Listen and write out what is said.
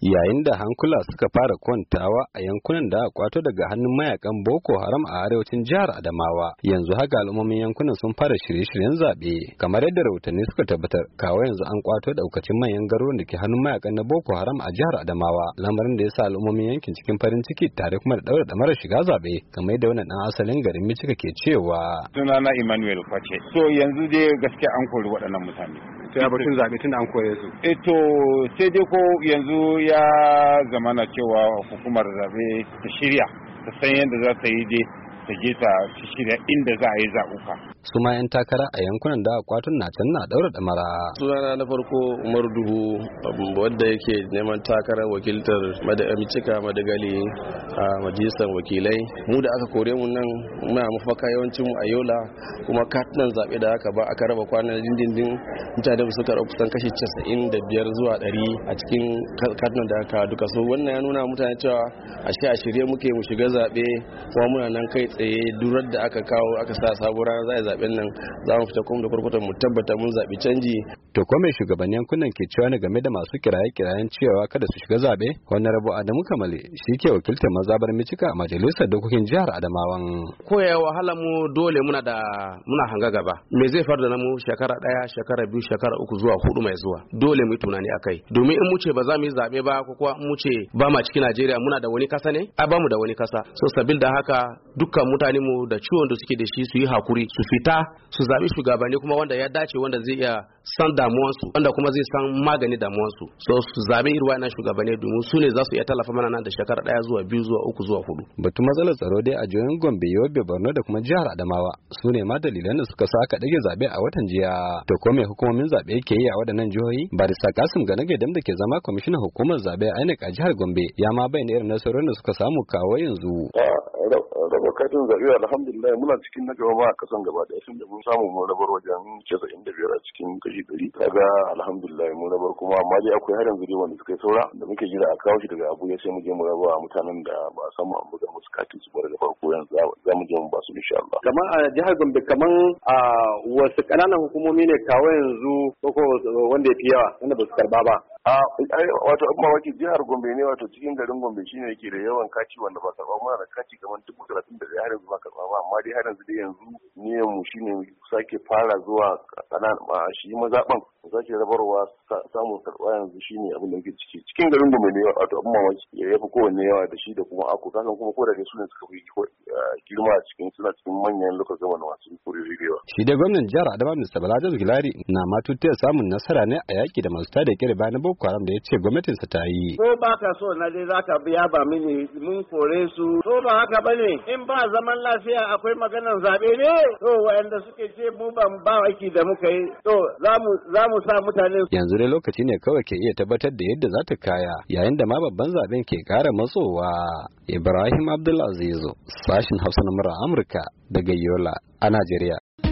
yayin da hankula suka fara kwantawa a yankunan da aka kwato daga hannun mayakan Boko Haram a arewacin jihar Adamawa yanzu haka al'ummomin yankunan sun fara shirye-shiryen zaɓe kamar yadda rahotanni suka tabbatar kawo yanzu an kwato daukacin manyan garuruwan da ke hannun mayakan na Boko Haram a jihar Adamawa lamarin da ya sa al'ummomin yankin cikin farin ciki tare kuma da ɗaura mara shiga zaɓe kamar yadda wannan ɗan asalin garin Michika ke cewa sunana Emmanuel Kwake so yanzu dai gaskiya an kori waɗannan mutane sai abokin zaɓe tun an koya su e to sai dai ko yanzu ya zamana cewa hukumar zaɓe ta shirya ta san yadda za ta yi dai ta je ta shirya inda za a yi zaɓuka su ma 'yan takara a yankunan da kwatun na can na daura damara. sunana na farko umar duhu wadda yake neman takarar wakiltar Madagamcika eh, madagali a majalisar wakilai mu da aka kore mu nan muna mafaka yawancin mu a yola kuma katunan zaɓe da aka ba aka raba kwanan dindindin mutane su karɓa kusan kashi casa'in da biyar zuwa ɗari a cikin katunan da aka duka so wannan ya nuna mutane cewa a shi a shirye muke mu shiga zaɓe kuma muna nan kai tsaye durar da aka kawo aka sa sabuwar ranar za zaben nan za mu fita kuma da kurkutar mu tabbata mun zaɓi canji To ko mai shugaban yankunan ke cewa ne game da masu kiraye-kirayen cewa kada su shiga zabe? rabu Adamu Kamale shi ke wakiltar mazabar Micika a majalisar dokokin jihar Adamawan. Koya wahala mu dole muna da muna hanga gaba. Me zai faru da mu shekara ɗaya, shekara biyu, shekara uku zuwa hudu mai zuwa. Dole mu yi tunani akai. Domin in mu ce ba za mu yi zaɓe ba ko kuwa in mu ce ba ma cikin Najeriya muna da wani kasa ne? A ba mu da wani kasa. So sabil da haka dukkan mutane mu da ciwon da suke da shi su yi hakuri, su fita, su zaɓi shugabanni kuma wanda ya dace wanda zai iya san damuwansu wanda kuma zai san magani damuwansu so su zabe irwa na shugabanni domin su ne za su iya tallafa mana nan da shekara daya zuwa biyu zuwa uku zuwa hudu Batu matsalar tsaro dai a jihohin Gombe Yobe Borno da kuma jihar Adamawa su ne ma dalilan da suka saka dage zabe a watan jiya to ko me hukumomin zabe ke yi a waɗannan jihohi barista Kasim gana dam da ke zama kwamishinan hukumar zabe a INEC a jihar Gombe ya ma bayyana irin nasarorin da suka samu kawo yanzu raba zaɓe alhamdulillah muna cikin na gaba ma a kasan gaba da sun da mun samu mun rabar wajen 95 a cikin kashi kaga alhamdulillah mun rabar kuma amma dai akwai har yanzu dai wanda suka saura da muke jira a kawo shi daga Abuja sai mu je mu raba mutanen da ba a samu an mu su kati su da farko yanzu za mu je mu ba su insha Allah kamar a jihar Gombe kamar a wasu kananan hukumomi ne kawo yanzu ko wanda ya fi yawa wanda ba su karba ba wato abubuwa wake jihar gombe ne wato cikin garin gombe shine yake da yawan kaci wanda ba karɓa muna da kaci kamar dubu talatin da har yanzu ba karɓa ba amma dai har yanzu dai yanzu niyan mu shine sake fara zuwa kanan shi mazaɓan sake rabarwa samun karɓa yanzu shine abin da yake ciki cikin garin gombe ne wato abubuwa wake ya yafi kowanne yawa da shi da kuma ako kasan kuma ko da su ne suka fi girma a cikin suna cikin manyan lokacin na masu kuriyoyi da yawa. shi da gwamnan jihar adama mr balajar gilari na matutiyar samun nasara ne a yaƙi da masu tada kirba na boko haram da ya ce gwamnatinsa ta yi ko ba ka so na dai zaka biya ba mini mun kore su to ba haka bane in ba zaman lafiya akwai maganar zaɓe ne to waɗanda suke ce mu ban ba aiki da muka yi to za mu sa mutane yanzu dai lokaci ne kawai ke iya tabbatar da yadda za ta kaya yayin da ma babban zaben ke kara matsowa Ibrahim Abdulaziz sashin Hausa na Amurka daga Yola a Najeriya